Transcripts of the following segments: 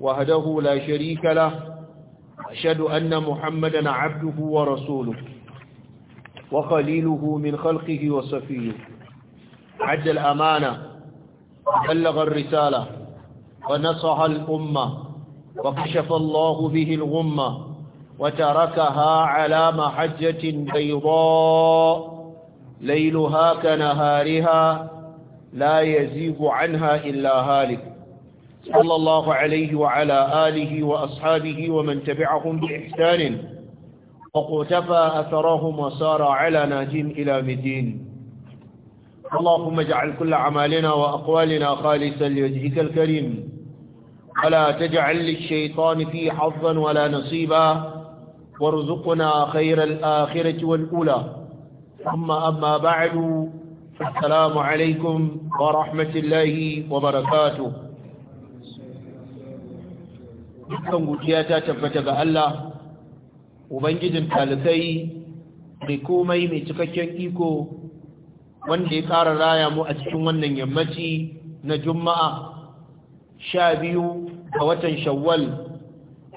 وهده لا شريك له أشهد أن محمدا عبده ورسوله وخليله من خلقه وصفيه عد الأمانة بلغ الرسالة ونصح الأمة وكشف الله به الغمة وتركها على محجة بيضاء ليلها كنهارها لا يزيغ عنها إلا هالك صلى الله عليه وعلى آله وأصحابه ومن تبعهم بإحسان وقتفى أثرهم وسار على ناج إلى مدين اللهم اجعل كل عمالنا وأقوالنا خالصا لوجهك الكريم ولا تجعل للشيطان في حظا ولا نصيبا وارزقنا خير الآخرة والأولى ثم أما بعد السلام عليكم ورحمة الله وبركاته dukkan godiya ta tabbata ga Allah ubangijin talibai mai komai mai cikakken iko wanda ya ƙara raya mu a cikin wannan yammaci na juma'a sha biyu ga watan shawwal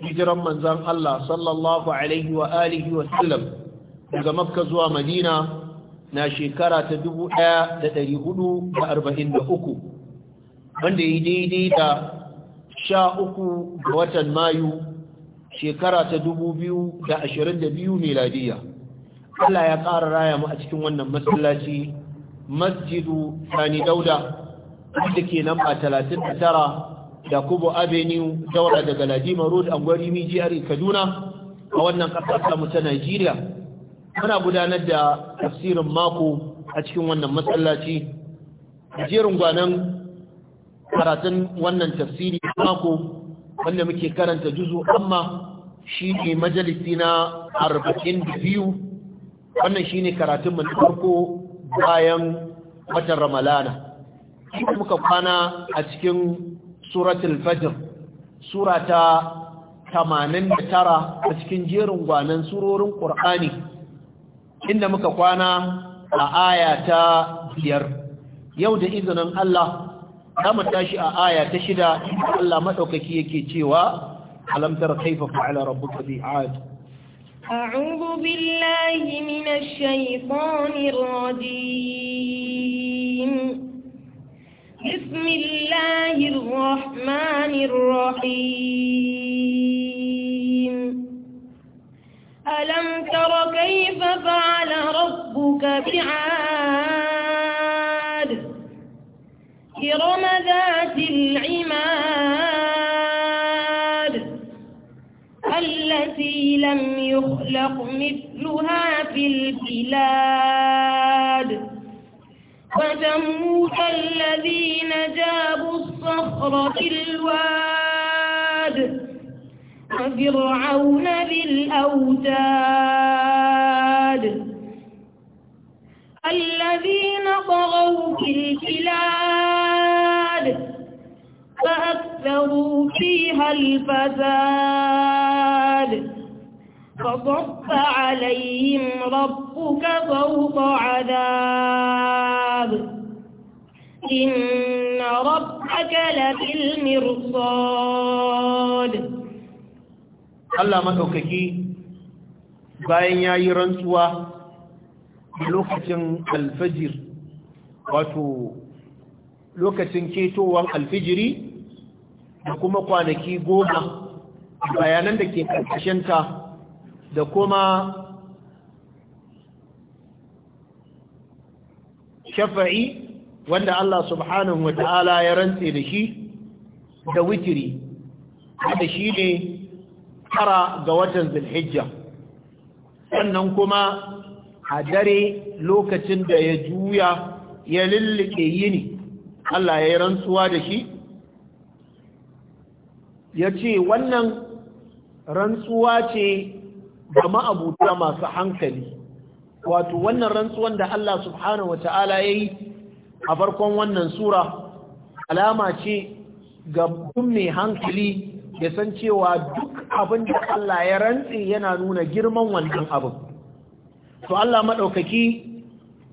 hijiran manzan Allah sallallahu alaihi wa alihi wa sallam daga makka zuwa madina na shekara ta 1443 wanda ya daidai da sha uku ga watan mayu shekara ta dubu biyu da ashirin da biyu miladiya Allah ya ƙara raya mu a cikin wannan masallaci masjidu sani dauda wanda ke nan ba talatin da tara da kubo avenue daura daga ladima road angwari ari kaduna a wannan ƙasar ta ta najeriya muna gudanar da tafsirin mako a cikin wannan masallaci jerin gwanan karatun wannan tafsiri mako wanda muke karanta juzu amma shi ne majalisi na arba'in da biyu wannan shi ne karatunmu na farko bayan watan ramalana muka kwana a cikin suratul fajr sura ta tara a cikin jerin gwanan surorin ƙur'ani inda muka kwana a aya biyar yau da izinin Allah zamu tashi a aya ta shida Allah madaukaki yake cewa alam tara kayfa fa'ala rabbuka bi aad a'udhu billahi minash shaytanir rajim bismillahir rahmanir rahim alam tara kayfa fa'ala rabbuka bi aad إرم ذات العماد التي لم يخلق مثلها في البلاد وتموت الذين جابوا الصخر الواد وفرعون بالأوتاد الذين طغوا في البلاد فاستكبروا فيها الفساد فصف عليهم ربك فوق عذاب إن ربك لبالمرصاد Allah maɗaukaki bayan ya yi rantsuwa lokacin alfajir wato lokacin ketowar alfijiri da kuma kwanaki goma bayanan da ke ƙarƙashinta da kuma shafa'i wanda Allah subhanahu wa ta'ala ya rantse da shi da witiri da shi ne tara ga watan zulhijja sannan kuma a dare lokacin da ya juya ya lullube yini Allah ya yi rantsuwa da shi ya ce wannan rantsuwa ce ga ma'abuta masu hankali wato wannan rantsuwan da Allah subhanahu wa ta'ala ya yi a farkon wannan sura alama ce ga mai hankali ya san cewa duk abin da Allah ya rantse yana nuna girman wannan abin to Allah maɗaukaki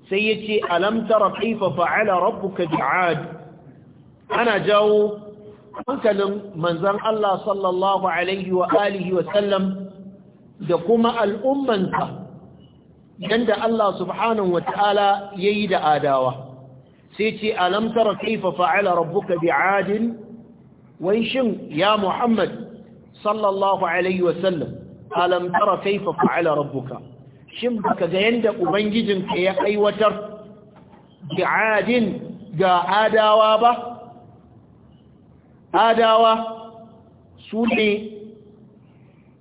sai ya ce alamtara kaifa fa'ala rabbuka bi'ad ana jawo hankalin manzan Allah sallallahu alaihi wa alihi wa da kuma al'ummansa yadda Allah subhanahu wa ta'ala yayi da adawa sai ce alam tara kaifa fa'ala rabbuka bi'adin wai shin ya Muhammad sallallahu alaihi wa sallam alam tara kaifa fa'ala rabbuka shin baka ga yanda ubangijinka ya aiwatar bi'adin ga adawa ba adawa su ne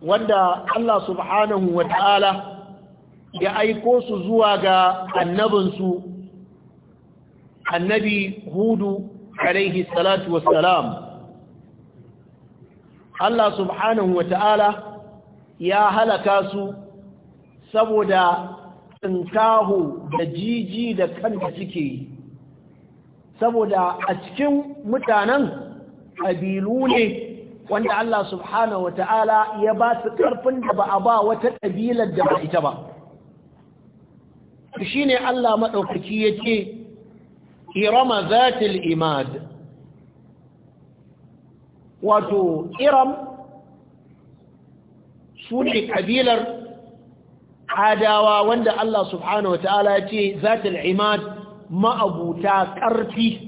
wanda Allah subhanahu wa ta'ala ya aiko su zuwa ga annabinsu annabi hudu alaihi salatu wassalam Allah subhanahu wa ta'ala ya halaka su saboda tsinkahu da jiji da kanta suke yi saboda a cikin mutanen ƙabilu ne wanda Allah subhanahu wa ta'ala ya ba su ƙarfin da ba a ba wata ƙabilar da ba ita ba shi ne Allah maɗaukaki ya ce irama zatil imad wato iram su ne ƙabilar adawa wanda Allah subhanahu wa ta'ala ya ce zatil imad ma'abuta ƙarfi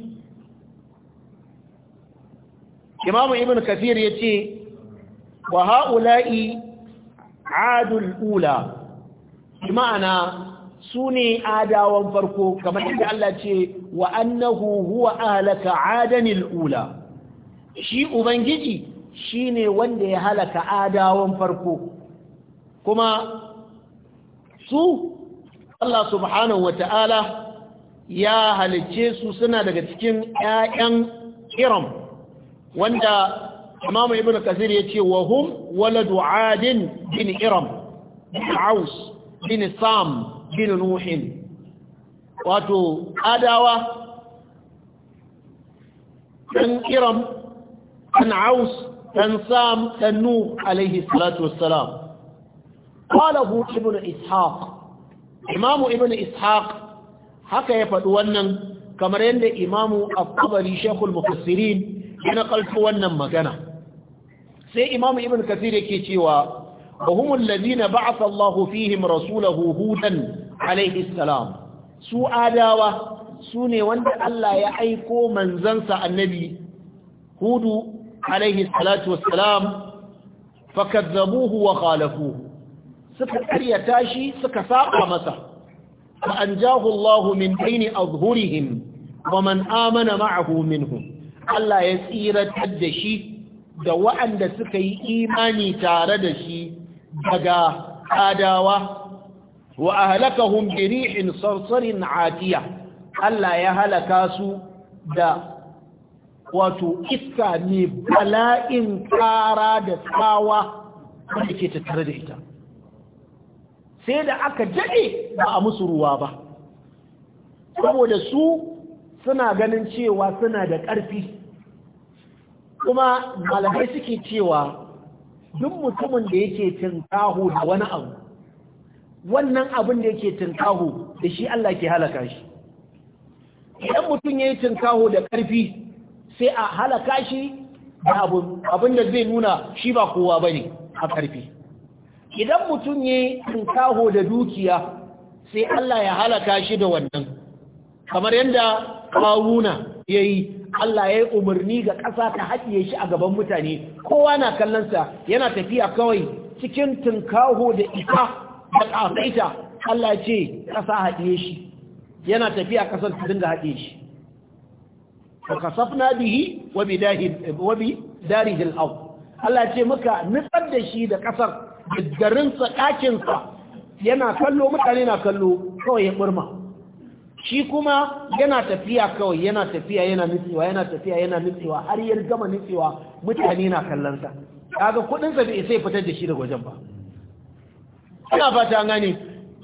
imamu ibn kafir ya ce wa ha'ula'i adul ula ma'ana su ne adawan farko kamar inda Allah ce wa annahu huwa ahlaka adanil ula shi ubangiji shine wanda ya halaka adawan farko kuma su Allah subhanahu Ta'ala ya halicce su suna daga cikin 'ya'yan iram wanda imamu ibn kasir ya ce wa hum waladu adin bin iram bin aus bin sam bin nuhin wato adawa ɗan iram ɗan aus ɗan sam ɗan nuh alaihi salatu wassalam qalahu ibn ishaq imamu ibn ishaq haka ya faɗi wannan kamar yadda imamu al-tabari shekul mufassirin Na nakalto wannan magana sai imam ibn kathir yake cewa wa humul ladina ba'atha Allah fihim rasulahu hudan alaihi salam su adawa sune wanda Allah ya aiko manzansa annabi hudu alaihi salatu wassalam fakazzabuhu wa khalafuhu suka karyata shi suka saba masa fa anjahu Allah min baini azhurihim wa man amana ma'ahu Allah ya tsiratar da shi da waɗanda suka yi imani tare da shi daga adawa wa ahlakahum bi rihin sarsarin atiya Allah ya halaka su da wato iska ne bala'in kara da tsawa wanda ke tattare da ita sai da aka jade ba a musu ruwa ba saboda su suna ganin cewa suna da ƙarfi kuma malamai suke cewa duk mutumin da yake tinkaho da wani abu wannan abin da yake tinkaho da shi Allah ke halaka shi idan mutum ya yi tinkaho da ƙarfi sai a halaka shi da abin da zai nuna shi ba kowa ba ne a ƙarfi idan mutum ya yi tinkaho da dukiya sai Allah ya halaka shi da wannan kamar yadda kawuna ya yi Allah ya yi umarni ga ƙasa ta haɗiye shi a gaban mutane kowa na kallonsa yana tafiya kawai cikin tunkaho da ita da ƙasaita Allah ce ƙasa haɗiye shi yana tafiya ƙasar su dinga haɗiye shi ba kasafna bihi wabi dari hil'au Allah ce muka nutsar da shi da ƙasar da garinsa ɗakinsa yana kallo mutane na kallo kawai ya ɓurma shi kuma yana tafiya kawai yana tafiya yana nutsewa yana tafiya yana nutsewa har yar gama nutsewa mutane na kallon sa kaga kudin sa bai sai fitar da shi daga wajen ba ina fata gani.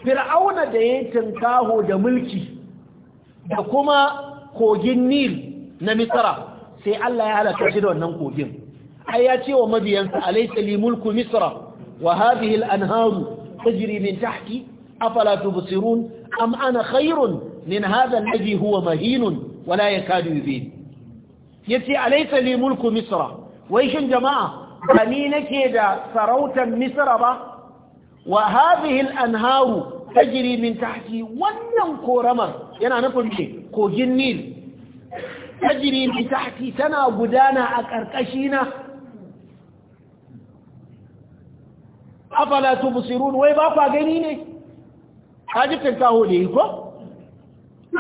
fir'auna da ya tinkaho da mulki da kuma kogin nil na misra sai Allah ya halaka shi da wannan kogin ai ya ce wa mabiyansa alaysa li mulku misra wa hadhihi al-anharu tajri min tahti afala tubsirun am ana khairun min hadha alladhi huwa mahin wa la yakadu yubin yace alaysa li mulku misra wai shin jama'a ba ni nake da sarautar misra ba wa hadhihi anharu tajri min tahti wannan koramar yana nufin ce kogin nil tajri min tahti tana gudana a na afala tubsirun wai ba kwa gani ne hajjin kaho da ko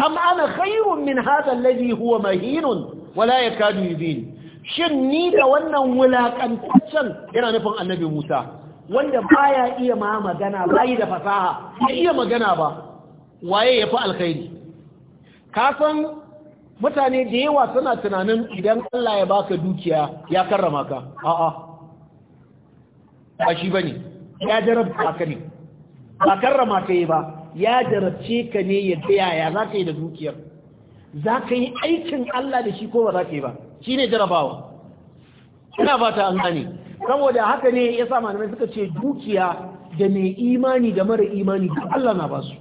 am ana khairun min hadha alladhi huwa mahinun wala yakadu yubin shin ni da wannan wulakantaccen yana nufin annabi Musa wanda baya iya ma magana bai da fasaha bai iya magana ba waye yafi alkhairi ka san mutane da yawa suna tunanin idan Allah ya baka dukiya ya karrama ka a'a ba shi bane ya jarabta ka ne ba karrama ka yi ba ya jarabce ka ne ya gaya ya za ka yi da dukiyar za ka yi aikin Allah da shi ko ba za ka yi ba shi ne jarabawa ina ba ta an gane saboda haka ne ya sa malamai suka ce dukiya da mai imani da mara imani da Allah na ba su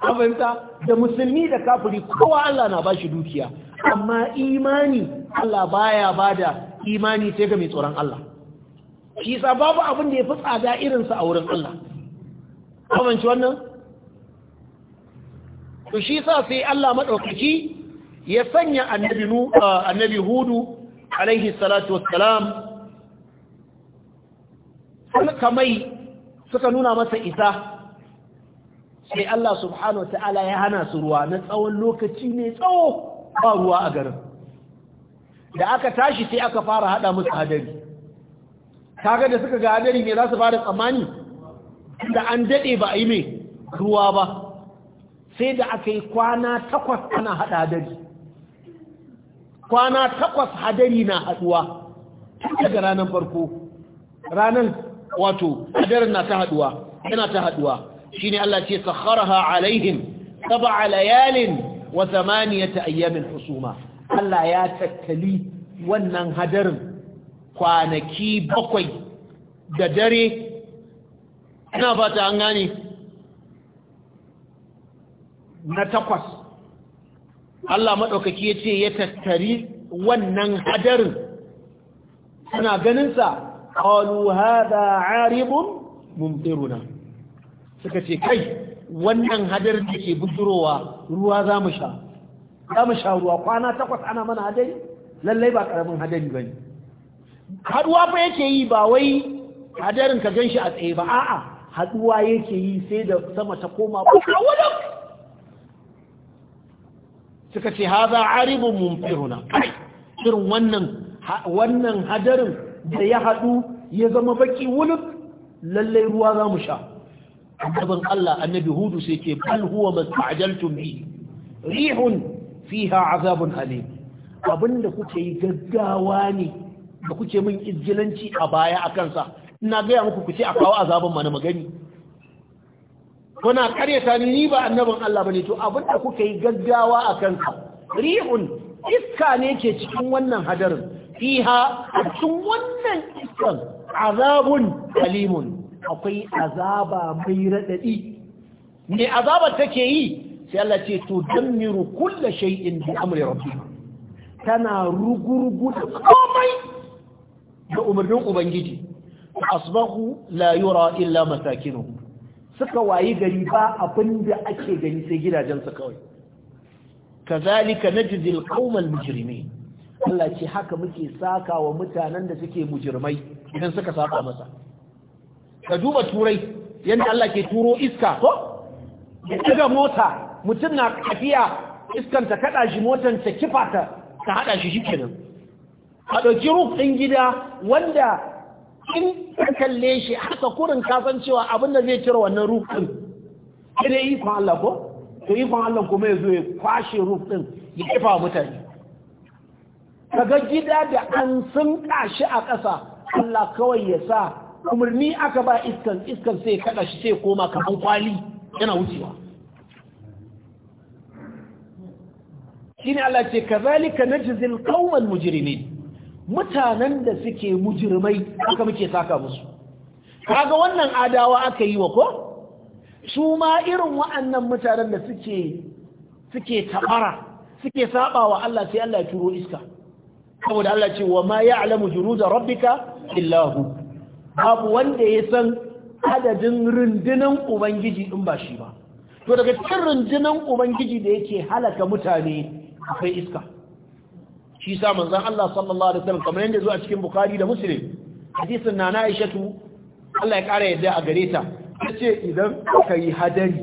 fahimta da musulmi da kafiri kowa Allah na ba shi dukiya amma imani Allah baya ba da imani sai ga mai tsoron Allah shi sa babu abin da ya fi tsada irinsa a wurin Allah kwamanci wannan to shi sa sai Allah madaukaki ya sanya annabi nu annabi hudu alaihi salatu wassalam kamai suka nuna masa isa sai Allah subhanahu wataala ya hana su ruwa na tsawon lokaci ne tsawo ba ruwa a garin da aka tashi sai aka fara hada musu hadari kaga da suka ga hadari me za su fara tsammani da an daɗe ba a yi mai ruwa ba sai da aka yi kwana takwas ana haɗa hadari kwana takwas hadari na haɗuwa tun daga ranar farko ranar wato hadarin na ta haɗuwa yana ta haɗuwa shi ne Allah ce sakharaha alaihin saba layalin wa zamaniyata ayyamin husuma Allah ya tattali wannan hadarin kwanaki bakwai da dare ina fata an gane na takwas Allah maɗaukaki ya ce ya tattari wannan hadarin suna ganinsa ƙalu haɗa aribun mumfiruna suka ce kai wannan hadarin da ke bujirowa ruwa za mu sha za mu sha ruwa kwana takwas ana mana hadari lallai ba ƙaramin hadari ba ne haɗuwa fa yake yi ba wai hadarin ka ganshi shi a tsaye ba a'a haduwa yake yi sai da sama ta koma wadda suka ce haza aribun mumfiruna irin wannan wannan hadarin da ya hadu ya zama baki wuluk lallai ruwa za mu sha annabin Allah annabi hudu sai ke bal huwa masta'jaltum bi rihun fiha azabun alim abinda kuke yi gaggawa ne da kuke min izgilanci a baya akan sa ina gaya muku ku ce a kawo azaban mana magani kuna karyata ni ba annabin Allah bane to abin da kuka yi gaggawa a ka. rihun iska ne ke cikin wannan hadarin fiha a cikin wannan iskan azabun alimun akwai azaba mai radadi me azabar take yi sai Allah ce to damiru kullu shay'in bi amri rabbika tana rugurgu da komai da umarnin ubangiji asbahu la yura illa masakinuhu suka wayi gari ba abin da ake gani sai su kawai kazalika najzi alqawma almujrimin Allah ce haka muke saka wa mutanen da suke mujirmai idan suka saka masa ka duba turai yanda Allah ke turo iska ko daga mota mutum na kafiya iskan ta kada shi motan ta kifa ta ta hada shi shikenan a dauki ruf gida wanda in ka kalle shi haka kurin kasan cewa abin da zai cire wannan ruf din sai dai ikon Allah ko to ikon Allah kuma ya zo ya kwashe ruf din ya kifa mutane kaga gida da an sun kashi a ƙasa Allah kawai ya sa umarni aka ba iskan iskan sai kada shi sai koma kaman kwali yana wucewa shine Allah ce kazalika najzil qawmal mujrimin mutanen da suke mujirmai haka muke saka musu kaga wannan adawa aka yi wa ko su ma irin wa'annan mutanen da suke suke tabara suke saba wa Allah sai Allah ya turo iska saboda Allah ce wa ma ya'lamu juruda rabbika illa hu babu wanda ya san adadin rundunan ubangiji din ba shi ba to daga cikin rundunan ubangiji da yake halaka mutane akwai iska shi sa manzan Allah sallallahu alaihi wasallam kamar yadda zuwa cikin Bukhari da musulun hadisun na Aishatu Allah ya kara yadda a gare ta ce idan ka yi hadari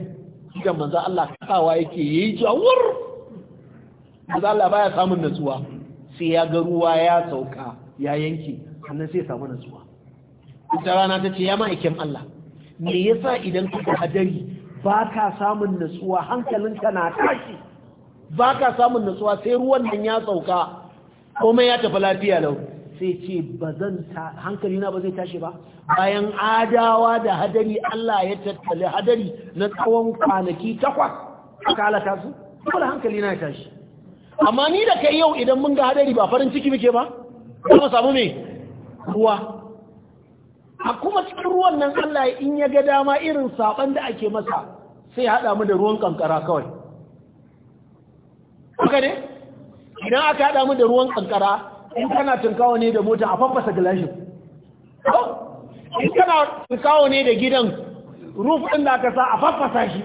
idan manzan Allah kasawa yake yi jawur manzan Allah baya samun natsuwa sai ya ga ruwa ya sauka ya yanke sannan sai ya samu natsuwa ita rana ta ce ya ma'aikin Allah me yasa idan kuka hadari ba ka samun natsuwa hankalinka na tashi ba ka samun natsuwa sai ruwan nan ya sauka komai ya tafi lafiya lau sai ce ba zan hankali na ba zai tashi ba bayan adawa da hadari Allah ya tattali hadari na tsawon kwanaki takwas aka halata su dole hankali na tashi amma ni da kai yau idan mun ga hadari ba farin ciki muke ba kuma samu mai ruwa a kuma cikin ruwan nan Allah in ya ga dama irin saban da ake masa sai ya haɗa mu da ruwan kankara kawai haka ne idan aka haɗa mu da ruwan ƙanƙara, in kana tunkawa ne da mota a fafasa gilashin in kana tunkawa ne da gidan ruf ɗin da aka sa a fafasa shi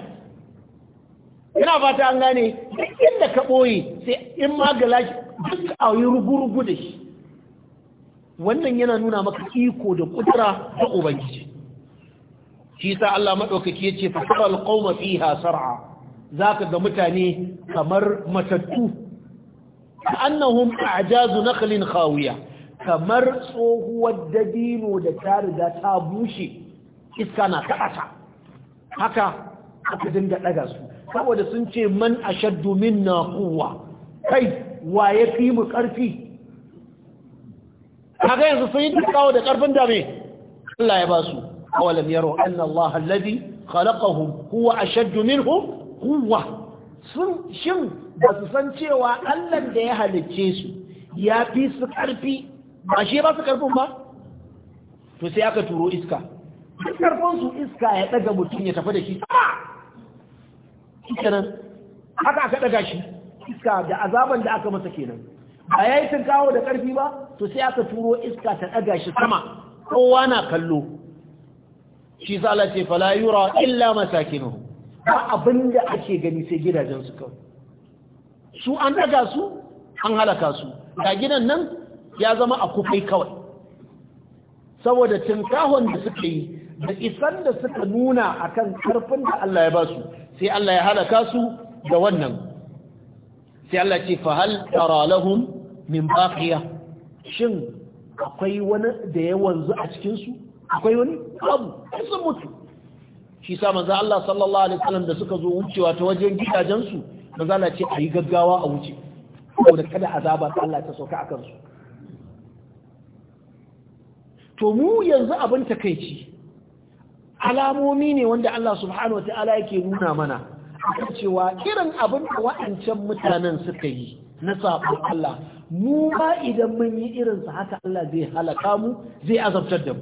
ina fata an gane ɗin da ka ɓoye sai in ma gilashi duk a yi rugu-rugu da shi wannan yana nuna maka iko da kudura ta ubangiji shi sa Allah maɗaukaki ya fa fasarar ƙaumafi hasara. sar'a ka ga mutane kamar matattu annahum a'jazu naqlin khawiya kamar tsohuwar dabino da ta riga ta bushe iska na ta haka aka dinga daga su saboda sun ce man ashaddu minna quwwa kai wa ya fi mu ƙarfi? kaga yanzu sun yi kawo da karfin da me Allah ya ba su awalam yaro anna Allah alladhi khalaqahum huwa ashaddu minhum quwwa sun shin ba su san cewa Allah da ya halicce su ya fi su ƙarfi ba shi ba su ƙarfin ba to sai aka turo iska ƙarfin su iska ya ɗaga mutum ya tafi da shi kenan haka aka ɗaga shi iska da azaban da aka masa kenan ba ya yi kawo da ƙarfi ba to sai aka turo iska ta ɗaga shi sama kowa na kallo shi sa Allah ce fala yura illa masakinu ba abin da ake gani sai gidajen su kawai su an daga su an halaka su ga gidan nan ya zama a kufai kawai saboda tinkahon da suka yi da isan da suka nuna akan karfin da Allah ya ba su sai Allah ya halaka su da wannan sai Allah ce fa hal tara lahum min baqiya shin akwai wani da ya wanzu a cikin su akwai wani abu sun mutu shi sa manzo Allah sallallahu alaihi wasallam da suka zo wucewa ta wajen gidajen su manzo Allah ce ayi gaggawa a wuce saboda kada azaba ta Allah ta sauka akan su to mu yanzu abin takeici alamomi ne wanda Allah subhanahu wataala yake nuna mana akan cewa irin abin da wa'ancan mutanen suka yi na sabon Allah mu ba idan mun yi irin irinsa haka Allah zai halaka mu zai azabtar da mu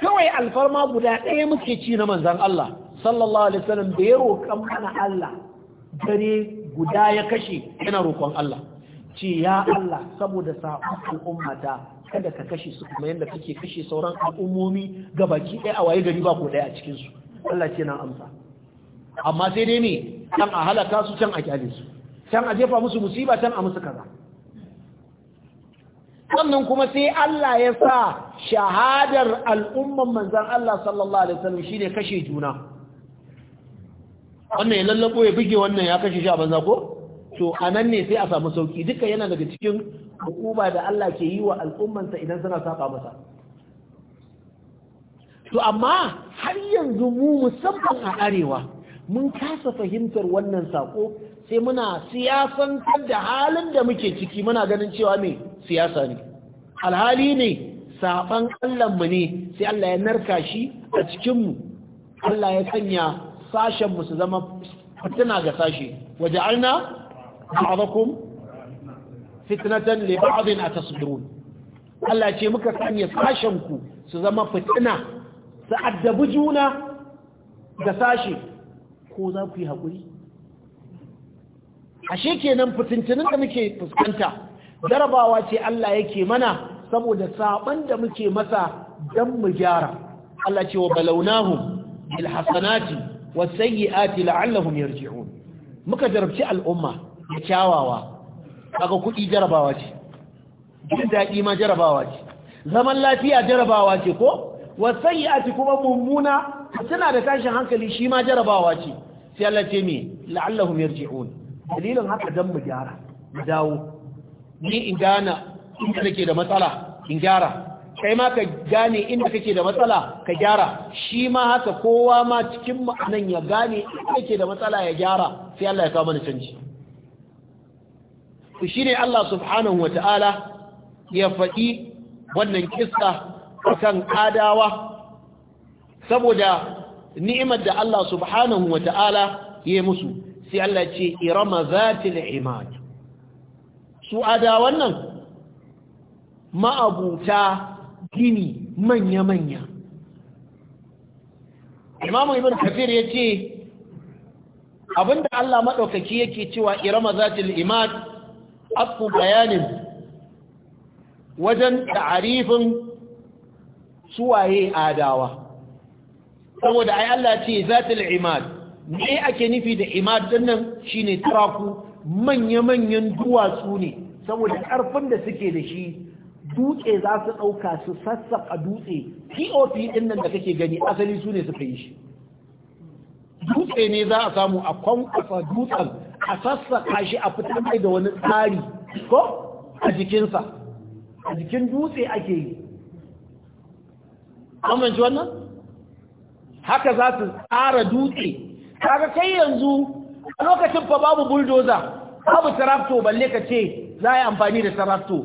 kawai alfarma guda ɗaya muke ci na manzan Allah sallallahu alaihi wasallam da ya roƙa mana Allah dare guda ya kashe yana roƙon Allah ce ya Allah saboda sa'on al'ummata kada ka kashe su kuma yadda kake kashe sauran al'ummomi ga baki ɗaya a waye gari ba ko ɗaya a cikin su Allah ce na amsa amma sai dai ne can a halaka su can a kyale su can a jefa musu musiba can a musu kaza sannan kuma sai Allah ya sa shahadar al'umman manzan Allah sallallahu Alaihi wasallam shi ne kashe juna wannan ya lallabo ya buge wannan ya kashe shi a banza ko? to a nan ne sai a samu sauki duka yana daga cikin hukuma da Allah ke yi wa al'ummansa idan suna saba masa to amma har yanzu mu musamman a arewa mun kasa fahimtar wannan sako sai muna siyasan da halin da muke ciki muna ganin cewa mai siyasa ne alhali ne saban mu ne sai Allah ya narka shi a cikinmu Allah ya sanya sashenmu su zama fitina ga sashe waja'alna ba'dakum fitnatan li a atasbirun Allah ce muka sanya sashenku su zama fitina su addabi juna ga sashe ko za ku yi haƙuri ashe kenan fitintinin da muke fuskanta jarabawa ce Allah yake mana saboda saban da muke masa dan mu gyara Allah ce wa balawnahum bil hasanati was sayyiati la'allahum yarji'un muka jarabci al'umma da kyawawa kaga kuɗi jarabawa ce jin daɗi ma jarabawa ce zaman lafiya jarabawa ce ko was sayyiati kuma mummuna tana da tashin hankali shi ma jarabawa ce sai Allah ce me la'allahum yarji'un dalilin haka don mu gyara mu dawo ni in gana inda nake da matsala in gyara kai ma ka gane inda kake da matsala ka gyara shi ma haka kowa ma cikin ma'anan ya gane inda kake da matsala ya gyara sai Allah ya kawo mana canji to shine Allah subhanahu wata'ala ya faɗi wannan kissa akan adawa saboda ni'imar da Allah subhanahu wata'ala ya musu sai Allah ce irama zatil imad su ada wannan ma'abuta gini manya-manya imamu ibn kafir ya ce abinda Allah maɗaukaki yake cewa irama zatil imad aku bayanin wajen ta'arifin suwaye adawa saboda ai Allah ce zatil imad me ake nufi da imad nan shine taraku manya-manyan duwatsu ne saboda karfin da suke da shi dutse za su ɗauka su sassaƙa dutse pop ɗin nan da kake gani asali su ne suka yi shi dutse ne za a samu a kwankwasa dutsen a sassaƙa shi a fitar mai da wani tsari ko a jikinsa a jikin dutse ake yi amince wannan haka za su tsara dutse kaga kai yanzu a lokacin fa babu bulldozer babu tractor balle ka ce za yi amfani da tractor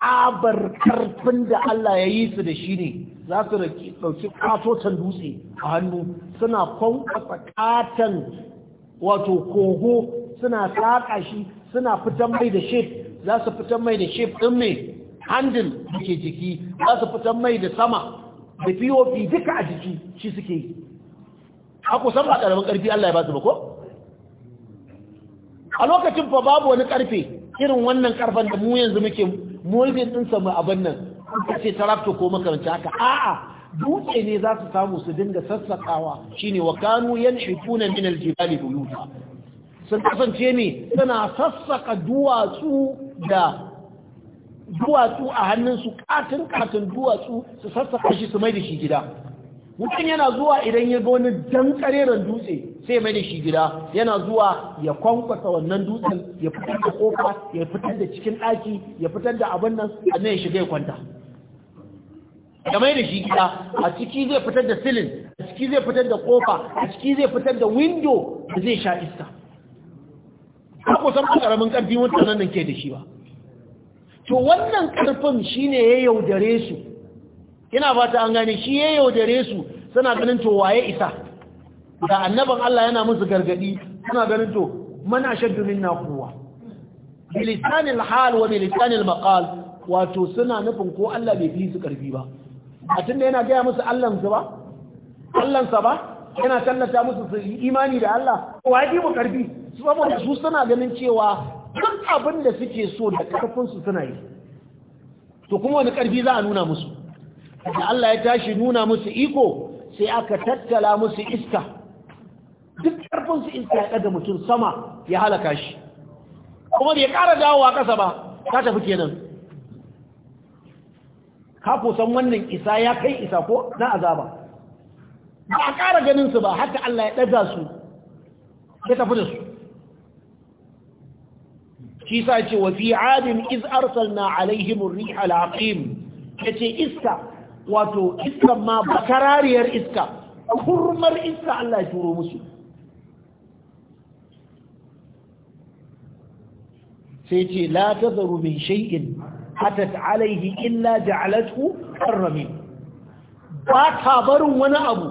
tsabar karfin da Allah ya yi su da shi ne za su ɗauki katotan dutse a hannu suna kwankwasa katon wato kogo suna saƙa shi suna fitan mai da shef. za su fitan mai da shef ɗin mai handin da ke jiki za su fitan mai da sama da pop duka a jiki shi suke yi aku san ba karamin karfi Allah ya ba su ba ko a lokacin fa babu wani karfe irin wannan karfan da mu yanzu muke mulkin din samu abin nan kace tarakto ko makaranta haka a'a dutse ne za su samu su dinga sassakawa shine wa kanu yanshifuna min aljibali buyuta sun kasance ne suna sassaka duwatsu da duwatsu a hannunsu katin katin duwatsu su sassaka shi su mai da shi gida mutum yana zuwa idan ya ga wani dankareren dutse sai mai da shi gida yana zuwa ya kwankwasa wannan dutsen ya fitar da kofa ya fitar da cikin ɗaki ya fitar da abin nan sannan ya shiga ya kwanta ya mai da shi gida a ciki zai fitar da silin a ciki zai fitar da kofa a ciki zai fitar da windo da zai sha iska ba ku san ƙaramin ƙarfi mutanen nan ke da shi ba to wannan karfin shine ya yaudare su ina ba ta an gane shi ya yaudare su suna ganin to waye isa da annaban Allah yana musu gargadi suna ganin to mana shaddu minna kowa, bilisanil hal wa bilisanil maqal wato suna nufin ko Allah bai fi su karfi ba a tunda yana gaya musu Allahn su ba Allahn sa ba yana tallata musu su imani da Allah waye mu karfi saboda su suna ganin cewa duk abin da suke so da karfin su suna yi to kuma wani karfi za a nuna musu da Allah ya tashi nuna musu iko sai aka tattala musu iska duk ƙarfinsu iska ya ɗaga mutum sama ya halaka shi kuma ya ƙara dawowa ƙasa ba ta tafi kenan Kafo san wannan isa ya kai isa ko na azaba ba a ƙara ganinsu ba haka Allah ya ɗaga su ya tafi da su shi sa ce wa fi adin iz arsalna alaihim riha alaqim yace iska wato iska ma bakarariyar iska kurmar iska Allah ya turo musu sai ce la tazaru min shay'in hatat alaihi illa ja'alathu karramin ba ta barin wani abu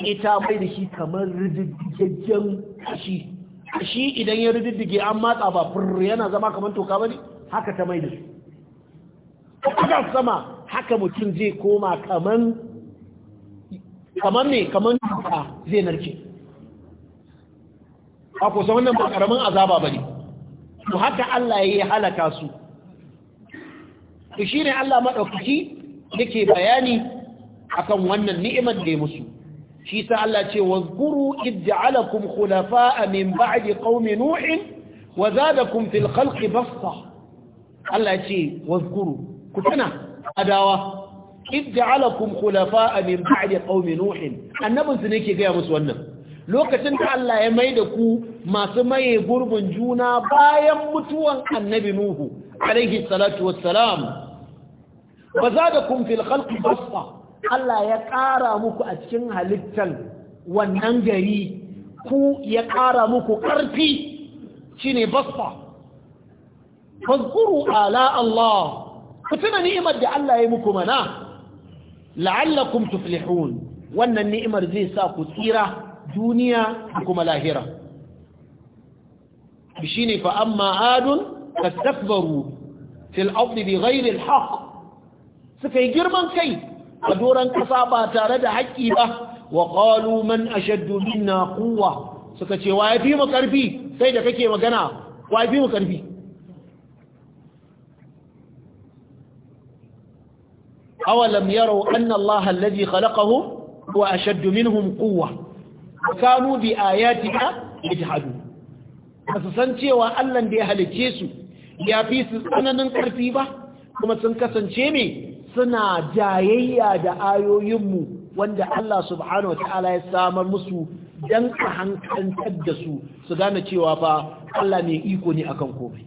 sai ta mai da shi kamar rididdigen kashi kashi idan ya rididdige an matsa ba fur yana zama kamar toka bane haka ta mai da ta sama haka mutum zai koma kaman kaman ne kaman duka zai narke a kusa wannan ba karamin azaba bane to haka Allah ya yi halaka su to shine Allah madaukaki yake bayani akan wannan ni'imar da ya musu shi sa Allah ce wazkuru idja'alakum khulafa'a min ba'di qaumi nuhin wa zadakum fil khalqi basta Allah ce wazkuru ku tana adawa idja'alakum khulafa'a min ba'di qaumi nuh annabin su ne ke gaya musu wannan lokacin da Allah ya mai da ku masu maye gurbin juna bayan mutuwan annabi nuhu alaihi salatu wassalam wa fil khalqi basta Allah ya ƙara muku a cikin halittar wannan gari ku ya ƙara muku ƙarfi shine basta fazkuru ala Allah ku tuna ni'imar da Allah ya muku mana la'allakum tuflihun wannan ni'imar zai sa ku tsira duniya kuma lahira shine fa amma adun fastakbaru fil ardi bighayri al haqq suka yi girman kai a doran kasa ba tare da haƙƙi ba wa qalu man ashaddu minna quwwa suka ce wa yafi mu karfi sai da kake magana wa yafi mu karfi awalam yarau anna Allah alladhi khalaqahum huwa ashaddu minhum quwwa kanu bi ayatina yajhadun su san cewa Allah da ya halicce su ya fi su tsananin ƙarfi ba kuma sun kasance me suna jayayya da ayoyinmu wanda Allah subhanahu wa ta'ala ya samar musu dan ka hankantar da su su gane cewa fa Allah mai iko ne akan komai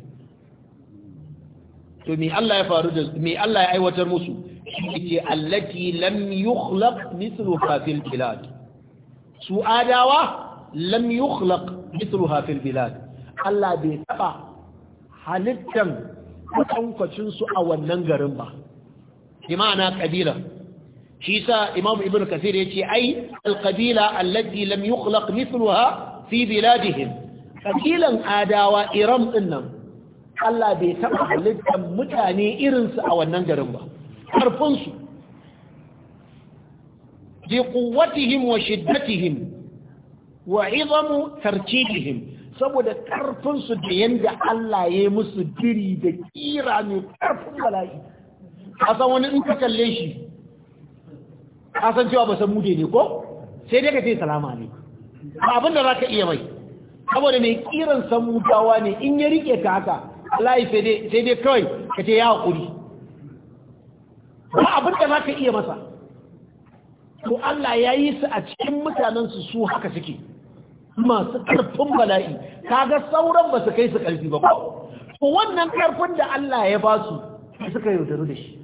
to me Allah ya faru da me Allah ya aiwatar musu shi allati lam yukhlaq mithluha fil bilad su adawa lam yukhlaq mithluha fil bilad Allah bai taba halittan kwatankwacin su a wannan garin ba bi ma'ana kabila shi sa imam ibn kasir yace ai al qabila allati lam yukhlaq mithluha fi biladihim kabilan adawa iram dinnan. Allah bai taba halittan mutane irinsu a wannan garin ba ƙarfinsu bi kuwatihim wa shiddatihim wa izamu tartibihim saboda ƙarfinsu da yanda Allah ya yi musu diri da kira mai ƙarfin bala'i a san wani in ka kalle shi a san cewa ba san mude ne ko sai dai ka ce salama ne abin da za ka iya mai saboda mai kiran san mutawa ne in ya rike ka haka Allah sai dai kawai ka ce ya haƙuri ba abin da za iya masa to Allah ya yi su a cikin mutanen su haka suke masu ƙarfin bala'i kaga sauran ba su kai su ƙarfi ba to wannan ƙarfin da Allah ya ba su suka yaudaru da shi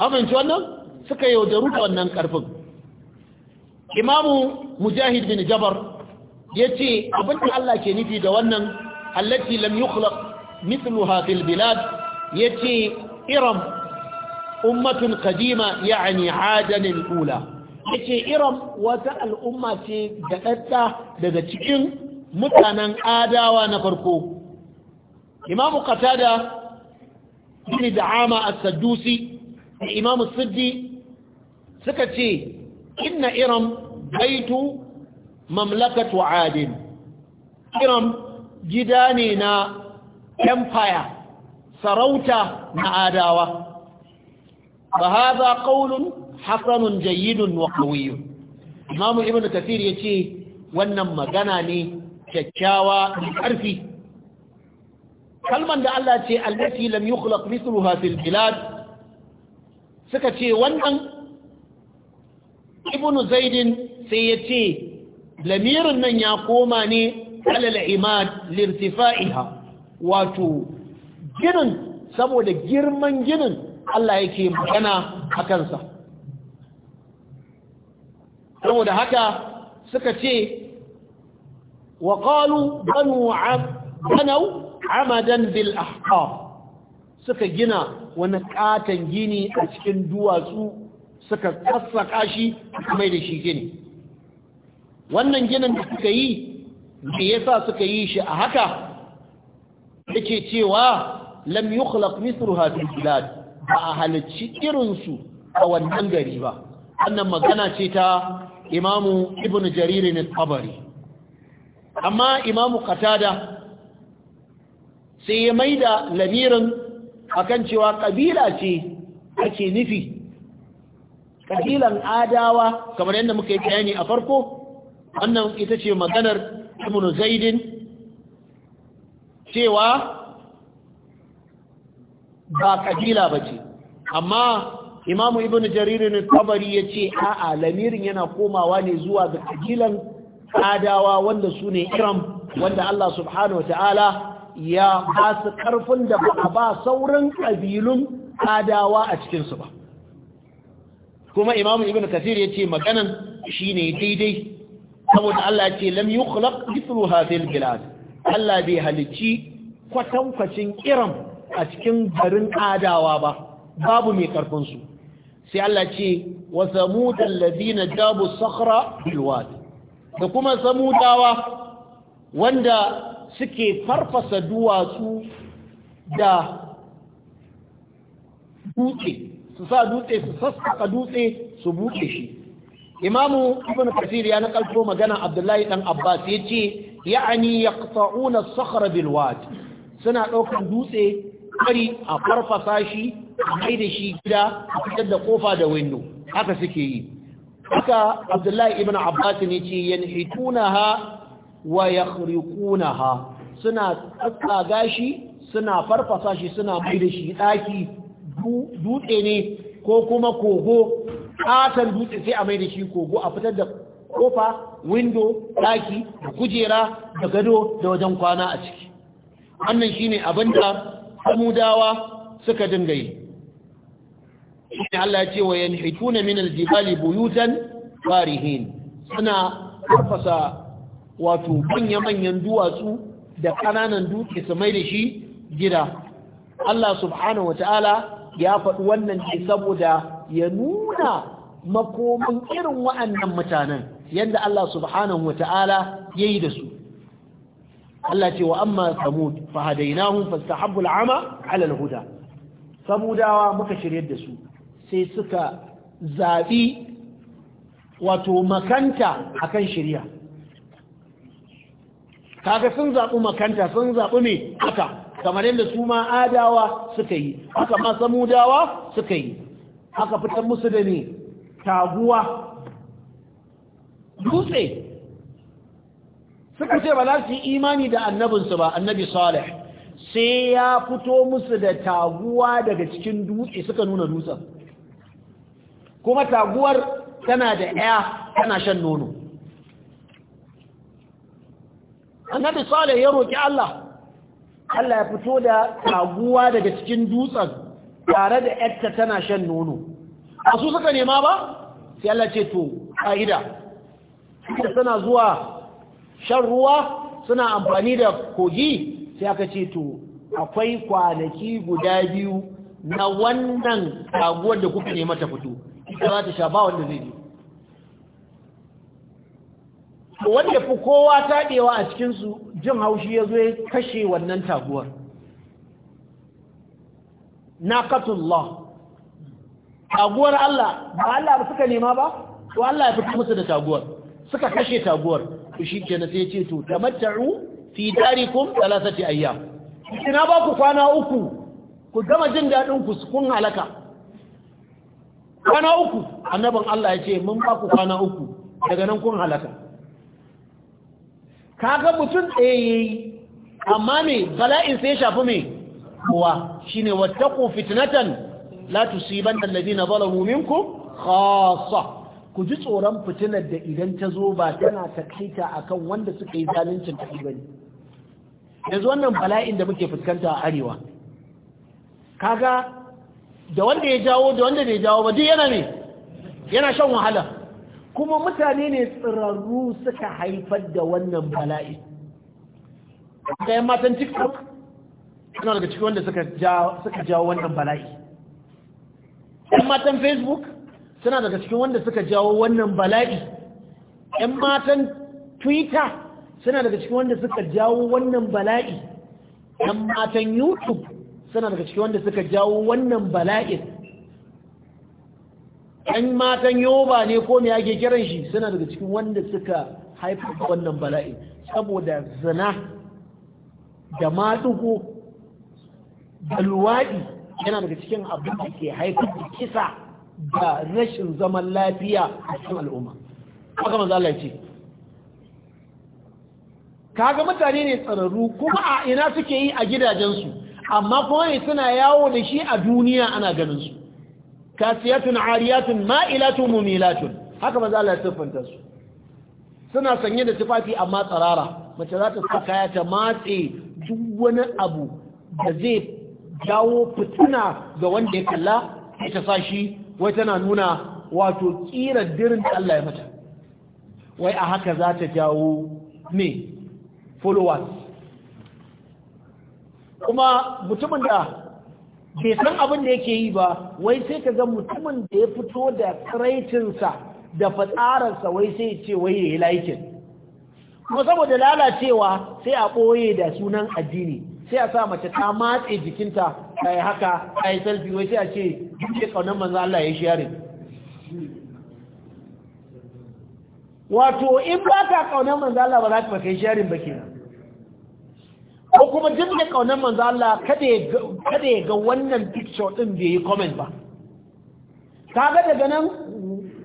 amince wannan suka yaudaru da wannan ƙarfin imamu mujahid bin jabar ya ce abin da Allah ke nufi da wannan allati lam yukhlaq mithluha fil bilad yace iram ummatun kadima yani adanin ula yace iram wata al'umma ce da daɗaɗɗa daga cikin mutanen adawa na farko imamu qatada da da'ama as-saddusi da imamu siddi suka ce inna iram baitu mamlakatu adin iram gida ne na empire sarauta na adawa فهذا قول حسن جيد وقوي امام ابن كثير yace wannan magana ne kyakkyawa karfi kalman da Allah ce allati lam yukhlaq mithluha fil bilad suka ce wannan ibnu zaidin sai yace lamirin nan ya koma ne alal imad lirtifa'iha wato ginin saboda girman ginin Allah yake magana a kansa saboda haka suka ce wa qalu banu amadan bil ahqaf suka gina wani ƙaton gini a cikin duwatsu suka tsassaka shi mai da shi gini wannan ginin da suka yi me yasa suka yi shi a haka yake cewa lam yukhlaq mithluha fil bilad ba a halarci irinsu a wannan gari ba wannan magana ce ta imamu ibn jariri ne tabari amma imamu katada sai ya mai da lamirin akan cewa ƙabila ce ake nufi kabilan adawa kamar yadda muka yi bayani a farko wannan ita ce maganar ibn zaidin cewa ba kabila ba amma imamu ibnu jaririn tabari yace a'a lamirin yana komawa ne zuwa ga kabilan adawa wanda su ne iram wanda Allah subhanahu wa ta'ala ya ba su karfin da ba a ba sauran kabilun adawa a cikinsu ba kuma imamu ibnu kasir yace maganan shine daidai saboda Allah ce lam yukhlaq mithluha fil bilad Allah bai halicci kwatankwacin iram a cikin garin adawa ba babu mai karfinsu sai Allah ce wa samudan ladina jabu sakhra bilwad da kuma samudawa wanda suke farfasa duwatsu da dutse su sa dutse su sassaka dutse su buɗe shi imamu ibn kasir ya nakalto magana abdullahi dan abbas ya ce ya'ani yaqta'una as-sakhra bil suna ɗaukan dutse bari a farfasa shi a mai da shi gida a fitar da kofa da windo haka suke yi haka abdullahi ibn abbas ne ce yanhitunaha wa yakhriqunaha suna tsatsaga shi suna farfasa shi suna mai da shi daki dutse ne ko kuma kogo katon dutse sai a mai da shi kogo a fitar da kofa windo daki da kujera da gado da wajen kwana a ciki wannan shine abinda samudawa suka dinga yi shi Allah ya ce wa yanhituna min aljibali buyutan farihin suna farfasa wato manya-manyan duwatsu da ƙananan dutse su mai da shi gida Allah subhanahu wa ta'ala ya faɗi wannan ne saboda ya nuna makomin irin wa'annan mutanen yadda Allah subhanahu wa ta'ala ya yi da su Allah ce wa amma samud fa hadainahum fastahabbu al'ama 'ala al-huda samudawa muka shiryar da su sai suka zabi wato makanta akan shirya. kaga sun zabi makanta sun zabi me haka kamar yadda su ma adawa suka yi haka ma samudawa suka yi haka fitan musu da ne taguwa dutse suka ce ba za su yi imani da annabinsu ba annabi salih sai ya fito musu da taguwa daga cikin dutse suka nuna dutsen kuma taguwar tana da ɗaya tana shan nono annabi salih ya roƙi Allah Allah ya fito da taguwa daga cikin dutsen tare da ƴarta tana shan nono a su suka nema ba sai Allah ce to ƙa'ida suna zuwa shan ruwa suna amfani da kogi sai aka ce to akwai kwanaki guda biyu na wannan taguwar da kuka nema ta fito ita za ta sha ba wanda zai yi wanda fi kowa taɗewa a cikinsu jin haushi ya zo ya kashe wannan taguwar Na naqatullah taguwar Allah ba Allah ba suka nema ba to Allah ya fito musu da taguwar suka kashe taguwar to shi kenan sai ce to tamatta'u fi darikum thalathati ayyam ina ba ku kwana uku ku gama jin dadin ku kun halaka kwana uku annaban Allah ya ce mun ba ku kwana uku daga nan kun halaka kaga mutum tsaye amma me bala'in sai shafi me kuwa shine wattaqu fitnatan la tusibanna alladhina zalamu minkum khassa ku ji tsoron fitinar da idan ta zo ba tana ta kaita a kan wanda suka yi zaluncin ta ba ne yanzu wannan bala'in da muke fuskanta a arewa kaga da wanda ya jawo da wanda bai jawo ba duk yana ne yana shan wahala kuma mutane ne tsirarru suka haifar da wannan bala'i ga yan matan tiktok suna daga cikin wanda suka jawo wannan bala'i yan matan facebook suna daga cikin wanda suka jawo wannan bala'i ‘yan matan twitter suna daga cikin wanda suka jawo wannan bala'i ‘yan matan youtube suna daga cikin wanda suka jawo wannan bala'i. ‘yan matan yoba ne ko me ake kiran shi suna daga cikin wanda suka haifar wannan bala'i. saboda zina da maɗugo da luwaɗi yana daga cikin abin da ke haifar da kisa da rashin zaman lafiya a cikin al'umma haka manzo Allah ce kaga mutane ne tsararru kuma a ina suke yi a gidajensu amma kuma ne suna yawo da shi a duniya ana ganin su kasiyatun ariyatun ma'ilatun mumilatun haka manzo Allah ya siffanta su suna sanye da tufafi amma tsarara mace za ta sa kaya ta matse duk wani abu da zai jawo fitina ga wanda ya kalla ta sa wai tana nuna wato ƙirar dirin da Allah ya mata wai a haka za ta jawo ne followers kuma mutumin da ke san abin da yake yi ba wai sai ka ga mutumin da ya fito da tsiraitinsa da fatsararsa wai sai ya ce wai ya yi laikin kuma saboda lalacewa sai a ɓoye da sunan addini sai a sa mace ta matse jikinta ta yi haka ta yi selfi wai sai a ce duke kaunar manzo Allah ya share wato in ba ka kaunar manzo Allah ba za ka kai sharing ba kenan ko kuma duk da kaunar manzo Allah kada ya kada ya ga wannan picture din bai yi comment ba ga daga nan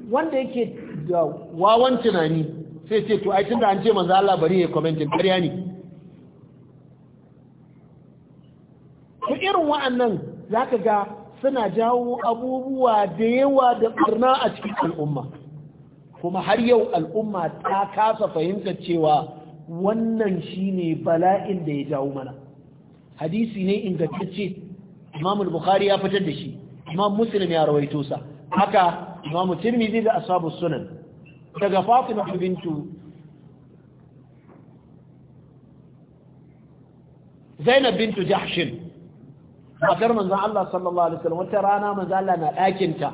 wanda yake da wawan tunani sai ce to ai tunda an ce manzo Allah bari ya comment din ya ne Ku irin wa'annan za ka ga suna jawo abubuwa da yawa da ɓarna a cikin al'umma kuma har yau al'umma ta kasa fahimtar cewa wannan shine bala'in da ya jawo mana hadisi ne ingantacce imam bukhari ya fitar da shi imam muslim ya rawaito sa haka imamu tirmidhi da ashabu sunan daga fatima bintu zainab bintu jahshin matar manzon Allah sallallahu alaihi wasallam wata rana manzon Allah na ɗakin ta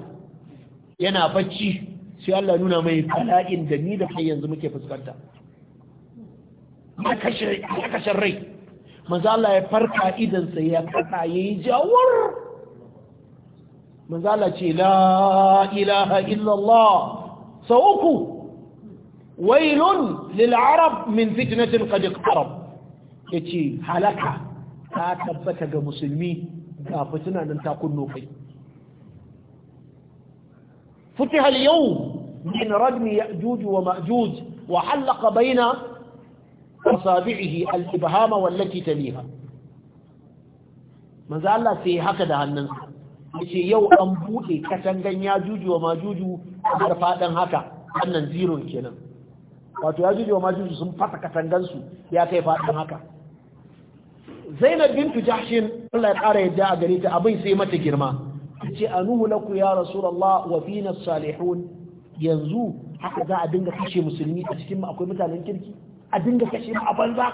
yana bacci sai Allah nuna mai bala'in da ni da kai yanzu muke fuskanta ya kashe rai manzo Allah ya farka idansa ya kasa yayi jawar manzo Allah ce la ilaha illallah sauku wailun lil arab min fitnatin qad qarab yace halaka ta tabbata ga musulmi ga fitina nan ta kunno kai فتح اليوم من ردم يأجوج ومأجوج وحلق بين أصابعه الإبهام والتي تليها manzo Allah sai haka da hannunsa yace yau an bude katangan ya juju wa majuju har fadan haka wannan zero kenan wato ya juju wa majuju sun fasa katangansu ya kai faɗin haka zainab bintu jahshin Allah ya ƙara yadda a gare ta abin sai mata girma ce a nuhu laku ya rasulullah wa fina salihun yanzu haka za a dinga kashe musulmi a cikin mu akwai mutanen kirki a dinga kashe mu a banza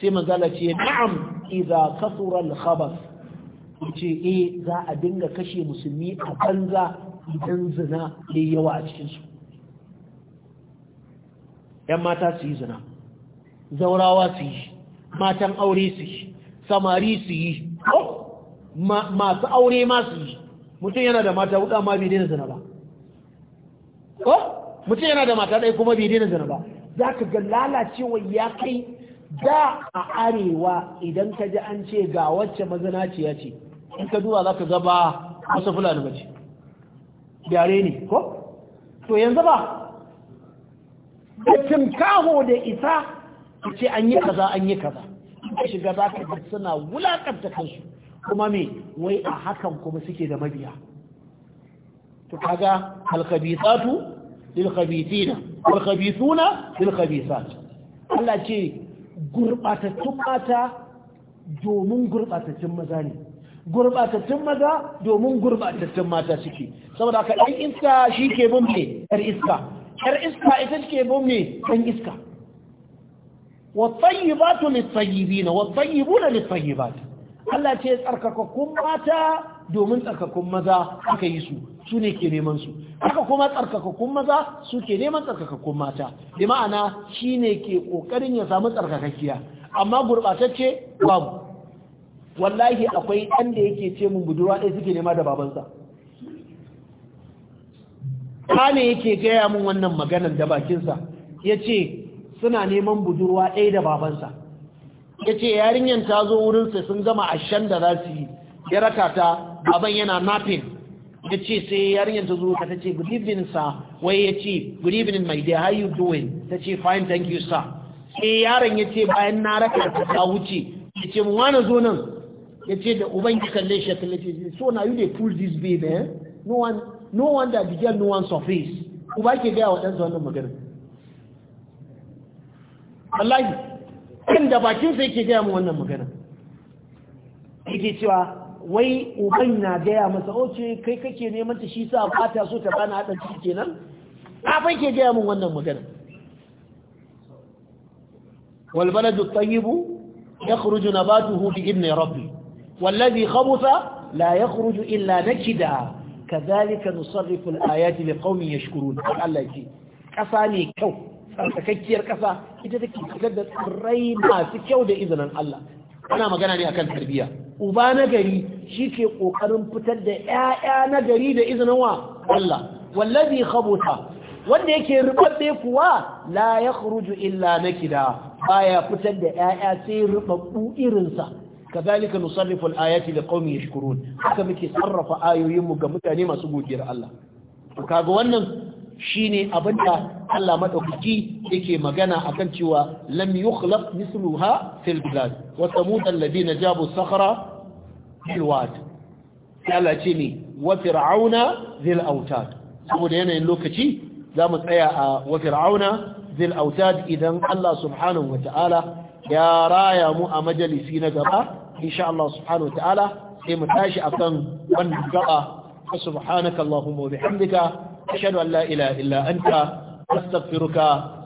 sai manzala ce na'am idza kasura al-khabas ce eh za a dinga kashe musulmi a banza idan zina yayi yawa a cikin su yan mata su yi zina zaurawa su yi matan aure su yi samari su yi masu aure masu yi mutum yana da mata hudu ma bai daina zina ba ko mutum yana da mata ɗaya kuma bai daina zina ba za ka ga lalacewa ya kai da a arewa idan ka ji an ce ga wacce mazinaciya ce in ka duba za ka gaba wasu fulani mace yare ne ko to yanzu ba da tinkaho da isa Ace ce an yi kaza an yi kaza ka shiga za ka suna wulakanta kansu kuma me wai a hakan kuma suke da mabiya to kaga alkhabithatu lil khabithina wal Allah ce gurbatattun mata domin gurbatattun maza ne gurbatattun maza domin gurbatattun mata suke saboda ka dan iska shi ke bin yar iska yar iska ita ke bin ɗan dan iska wattayyibatu lit-tayyibin wattayyibuna Allah ce tsarkakakkun mata domin tsarkakun maza aka yi su su ne ke neman su haka kuma tsarkakakkun maza su ke neman tsarkakakkun mata bi ma'ana shi ne ke ƙoƙarin ya samu tsarkakakkiya amma gurɓatacce babu wallahi akwai ɗan da yake ce mun budurwa ɗaya suke nema da babansa ka ne yake gaya mun wannan maganar da bakinsa ya ce suna neman budurwa ɗaya da babansa ya ce yarinyar ta zo wurinsa sun zama ashen da za su yi ya raka ta baban yana napin ya ce sai yarinyar ta zo ta ta ce good evening sir wai ya ce good evening my dear how you doing ta ce fine thank you sir sai yaron ya ce bayan na raka ta ta wuce ya ce mu wani zo nan ya ce da uban ki kalle shi ta ce so na you dey pull this baby eh no one no wonder the girl no one surface uba ke gaya wa ɗansa wannan magana wallahi kan da bakinsa yake gaya mu wannan magana yake cewa wai uban na gaya masa o kai kake neman ta shi sa fata so ta bana haɗa ciki kenan kafai ke gaya min wannan magana wal baladu tayyibu yakhruju nabatuhu bi idni rabbi والذي خبث لا يخرج إلا نكدا كذلك نصرف ya لقوم يشكرون الله Ƙasa ne kyau. tsarkakakkiyar ƙasa ita take fitar da tsirrai masu kyau da izinin Allah ana magana ne akan tarbiyya uba na gari shi ke ƙoƙarin fitar da 'ya'ya na gari da izinin wa Allah wallazi khabota wanda yake rubabbe kuwa la yakhruju illa nakida baya fitar da 'ya'ya sai rubabbu irinsa kazalika nusarrifu al-ayati liqaumin yashkurun haka muke sarrafa ayoyin mu ga mutane masu godiyar Allah to kaga wannan shine abinda Allah madaukaki yake magana akan cewa lam yukhlaq misluha fil bilad wa samud alladhina jabu sakhra bil wad Allah ce ne wa fir'auna zil autad saboda yanayin lokaci zamu tsaya a wa fir'auna zil autad idan Allah subhanahu ta'ala ya raya mu a majalisi na gaba insha Allah subhanahu ta'ala sai mu tashi akan wannan gaba subhanakallahumma wa bihamdika أشهد أن لا إله illa أنت أستغفرك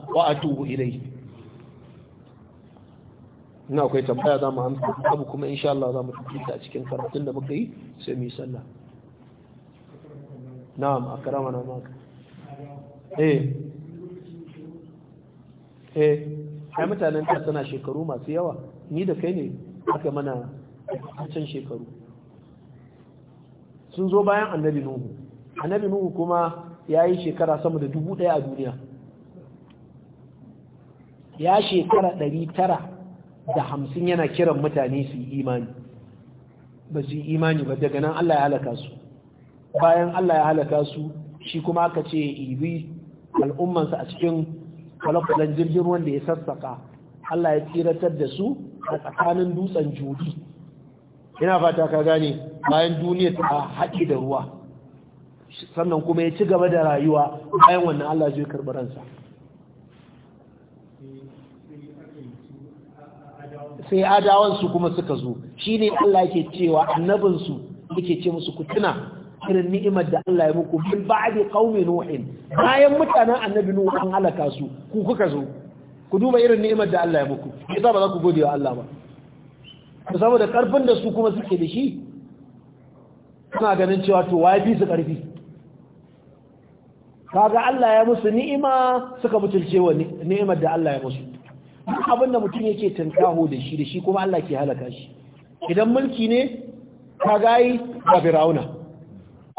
wa atubu ilayk ina akwai tambaya za mu amsa abu kuma insha Allah za mu tafi a cikin karatun da muka yi sai mu yi sallah na'am akrama na maka eh eh ai mutanen ta suna shekaru masu yawa ni da kai ne aka mana can shekaru sun zo bayan annabi nuhu annabi nuhu kuma ya yi shekara sama da dubu ɗaya a duniya ya shekara ɗari tara da hamsin yana kiran mutane su yi imani ba su yi imani ba daga nan Allah ya halaka su bayan Allah ya halaka su shi kuma aka ce ibi al'ummansa a cikin kwalakwalan jirgin ruwan da ya sassaka Allah ya tsiratar da su a tsakanin dutsen judi ina fata ka gane bayan duniya ta haƙi da ruwa sannan kuma ya ci gaba da rayuwa bayan wannan Allah zai karɓi ransa sai adawansu kuma suka zo shi ne Allah yake cewa annabinsu yake ce musu ku tuna irin ni'imar da Allah ya muku min ba'di qaumi nuhin bayan mutanen annabi nuhu an halaka su ku kuka zo ku duba irin ni'imar da Allah ya muku yasa ba za ku gode wa Allah ba saboda karfin da su kuma suke da shi suna ganin cewa to waye fi su karfi kaga Allah ya musu ni'ima suka butulce wa ni'imar da Allah ya musu duk abin da mutum yake tankaho da shi da shi kuma Allah ke halaka shi idan mulki ne kaga yi ba fir'auna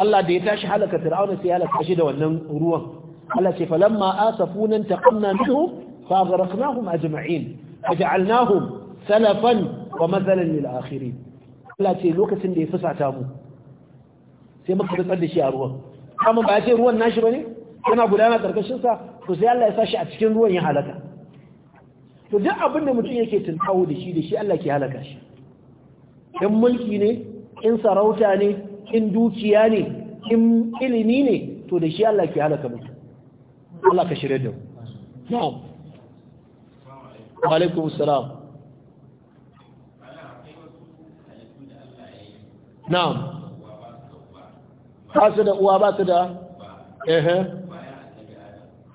Allah da ya tashi halaka fir'auna sai halaka shi da wannan ruwan Allah ce falamma asafuna taqamna minhum fa aghraqnahum ajma'in waja'alnahum salafan wa mathalan lil akhirin Allah ce lokacin da ya fusata mu sai muka rutsar da shi a ruwan amma ba ya ce ruwan nashi bane yana gudana karkashin sa to sai Allah ya sashi a cikin ruwan ya halaka to duk abin da mutum yake tuntawo da shi da shi Allah ke halaka shi in mulki ne in sarauta ne in dukiya ne in ilimi ne to da shi Allah ke halaka mutum Allah ka shirye da mu na'am wa alaikum assalam na'am ba su da uwa ba su da ehe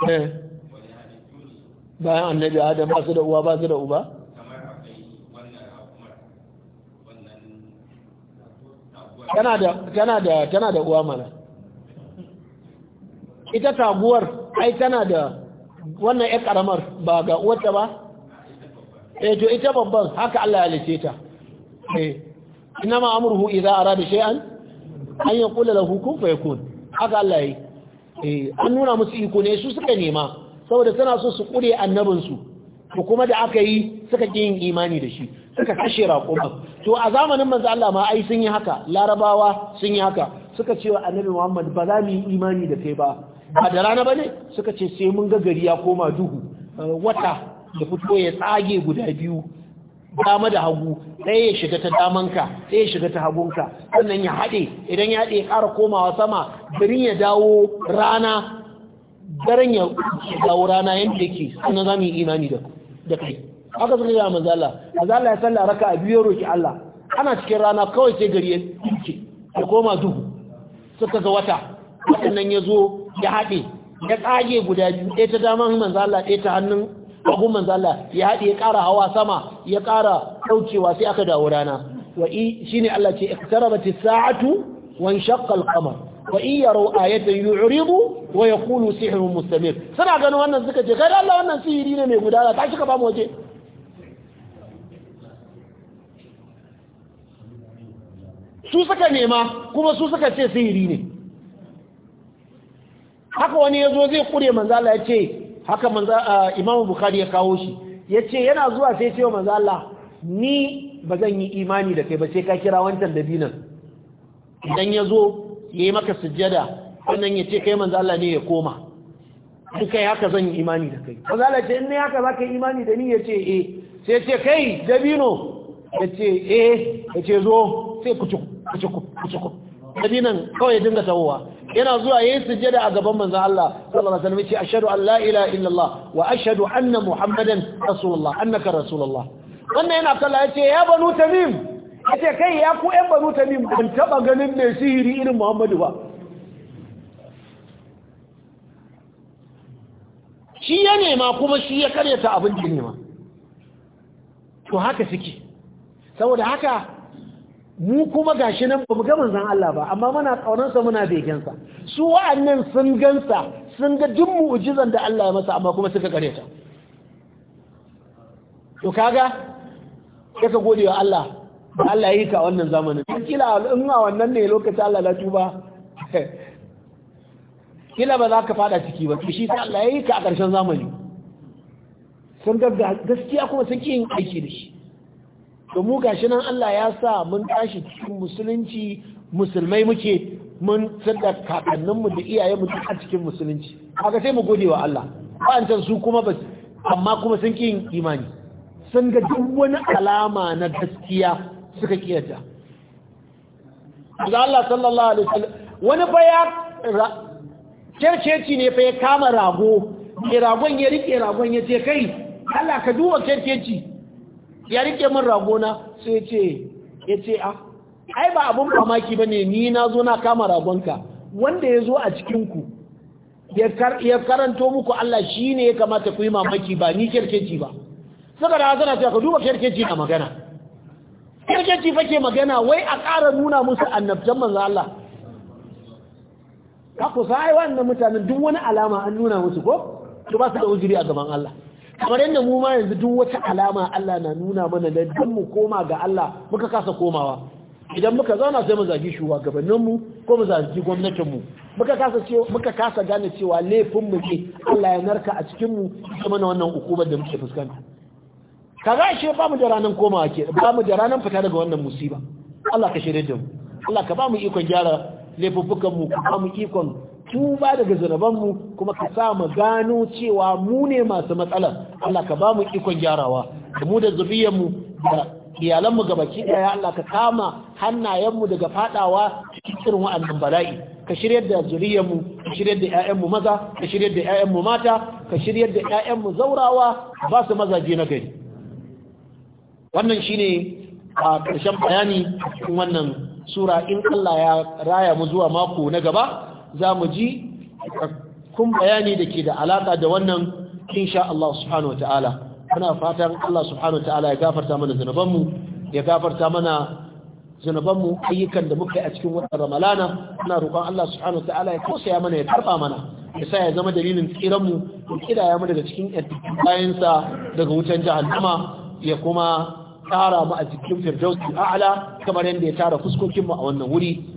Eh. bayan annabi adam ba su da uwa ba su da uba tana da tana da uwa mana ita taguwar ai tana da wannan ya karamar ba ga wata ba eh to ita babban haka Allah ya lice ta eh inma amruhu idza arada shay'an an yaqula lahu kun fayakun haka Allah yi Eh, an nuna musu iko ne su suka nema saboda suna so su kure annabinsu to kuma da aka yi suka ƙi yin imani da shi suka kashe raƙuma to a zamanin manzo Allah ma ai sun yi haka larabawa sun yi haka suka cewa wa annabi Muhammad ba za mu yi imani da kai ba ba da rana bane suka ce sai mun ga gari ya koma duhu eh, wata da fito ya tsage guda biyu dama da hagu ɗaya ya shiga ta damanka ɗaya ya shiga ta hagunka sannan ya haɗe idan ya haɗe ya ƙara komawa sama birin ya dawo rana daren ya dawo rana yadda yake sannan za mu yi imani da kai haka suka yi manzala zala ya salla raka a biyu roki Allah ana cikin rana kawai sai gari ya ya koma duhu suka ga wata sannan ya zo ya haɗe ya tsage guda biyu ɗaya ta daman manzala ɗaya ta hannun abu manzo Allah ya haɗe ya ƙara hawa sama ya ƙara kaucewa sai aka dawo rana wa i shine Allah ce iktarabati sa'atu wa inshaqqa al-qamar wa in yaraw ayatan yu'ridu wa yaqulu sihrun mustamir suna ganin wannan suka ce kai Allah wannan sihiri ne mai gudana ta shi ka ba mu waje su suka nema kuma su suka ce sihiri ne haka wani yazo zai kure manzo Allah ya ce haka manzo Imam Bukhari ya kawo shi yace yana zuwa sai ce manzo Allah ni bazan yi imani da kai ba sai ka kira wancan dabinan idan ya zo yayi maka sujjada wannan yace kai manzo Allah ne ya koma duk kai haka zan yi imani da kai manzo Allah ce in ne haka zaka yi imani da ni yace eh sai ce kai dabino yace eh yace zo sai ku ci ku ci ku ci madinan kawai dinga tawowa yana zuwa yayin sujjada a gaban manzon Allah sallallahu alaihi wasallam yace ashhadu an la ilaha illallah wa ashhadu anna muhammadan rasulullah annaka rasulullah wannan yana kalla yace ya banu tamim yace kai ya ku ɗan banu tamim ban taba ganin mai sihiri irin muhammadu ba shi ya nema kuma shi ya karyata abin da nema to haka suke saboda haka mu kuma gashi nan ba mu ga manzon Allah ba amma muna sa muna sa su wa'annan sun gansa sun ga duk mu'jizan da Allah ya masa amma kuma suka ta to kaga sai ka gode wa Allah Allah ya yi ka wannan zamanin kila in a wannan ne lokacin Allah la tuba kila ba za ka fada ciki ba shi sai Allah ya yi ka a ƙarshen zamani sun ga gaskiya kuma sun ki yin aiki da shi to mu gashi nan Allah ya sa mun tashi cikin musulunci musulmai muke mun sarda kakanninmu da iyayenmu mu a cikin musulunci kaga sai mu gode wa Allah ba su kuma ba amma kuma sun yin imani sun ga duk wani alama na gaskiya suka kiyata Allah sallallahu alaihi wasallam wani fa ya kerkeci ne fa ya kama rago ne ragon ya rike ragon ya ce kai Allah ka duba kerkeci ya rike min ragona sai ce ya ce a ah, ai ba abun mamaki ne ni na zo na kama ragonka wanda ya zo a cikinku ya karanto muku Allah shi ne ya kamata ku yi mamaki ba ni kyarkeci ba saka da hazana ta ka duba kyarkeci na magana fa ke magana wai a ƙara nuna musu annabtan manzo Allah ka ku sai wannan mutanen duk wani alama an nuna musu ko to ba su da uzuri a gaban Allah kamar yadda mu ma yanzu duk wata alama Allah na nuna mana da dan mu koma ga Allah muka kasa komawa idan muka zauna sai mu zagi shugabannin mu ko mu zagi gwamnatin mu muka kasa ce muka kasa gane cewa laifin mu ne Allah ya narka a cikin mu kuma mana wannan hukumar da muke fuskanta kaza shi ba mu da ranan komawa ke ba mu da ranan fita daga wannan musiba Allah ka shirye da mu Allah ka ba mu ikon gyara laifuffukan mu ka ba mu ikon tuba daga zunubanmu kuma ka sa mu gano cewa mu ne masu matsala. Allah ka ba mu ikon gyarawa da mu da zuriyarmu da iyalanmu gabaki daya Allah ka kama hannayenmu daga fadawa cikin wa'annan bala'i ka shiryar da zuriyarmu ka shiryar da ƴaƴanmu maza ka shiryar da ƴaƴanmu mata ka shiryar da ƴaƴanmu zaurawa ba su mazaje na gari wannan shine a ƙarshen bayani cikin wannan sura in Allah ya raya mu zuwa mako na gaba za mu ji kun bayani da ke da alaƙa da wannan insha Allah subhanahu wa ta'ala muna fatan Allah subhanahu wa ta'ala ya gafarta mana zunubanmu ya gafarta mana zunubanmu ayyukan da muka yi a cikin watan ramalana muna roƙon Allah subhanahu wa ta'ala ya tausaya mana ya karɓa mana ya sa ya zama dalilin tsiranmu ya kidaya mu daga cikin bayansa daga wutan jahannama ya kuma tara mu a cikin firdausi a'ala kamar yadda ya tara fuskokinmu a wannan wuri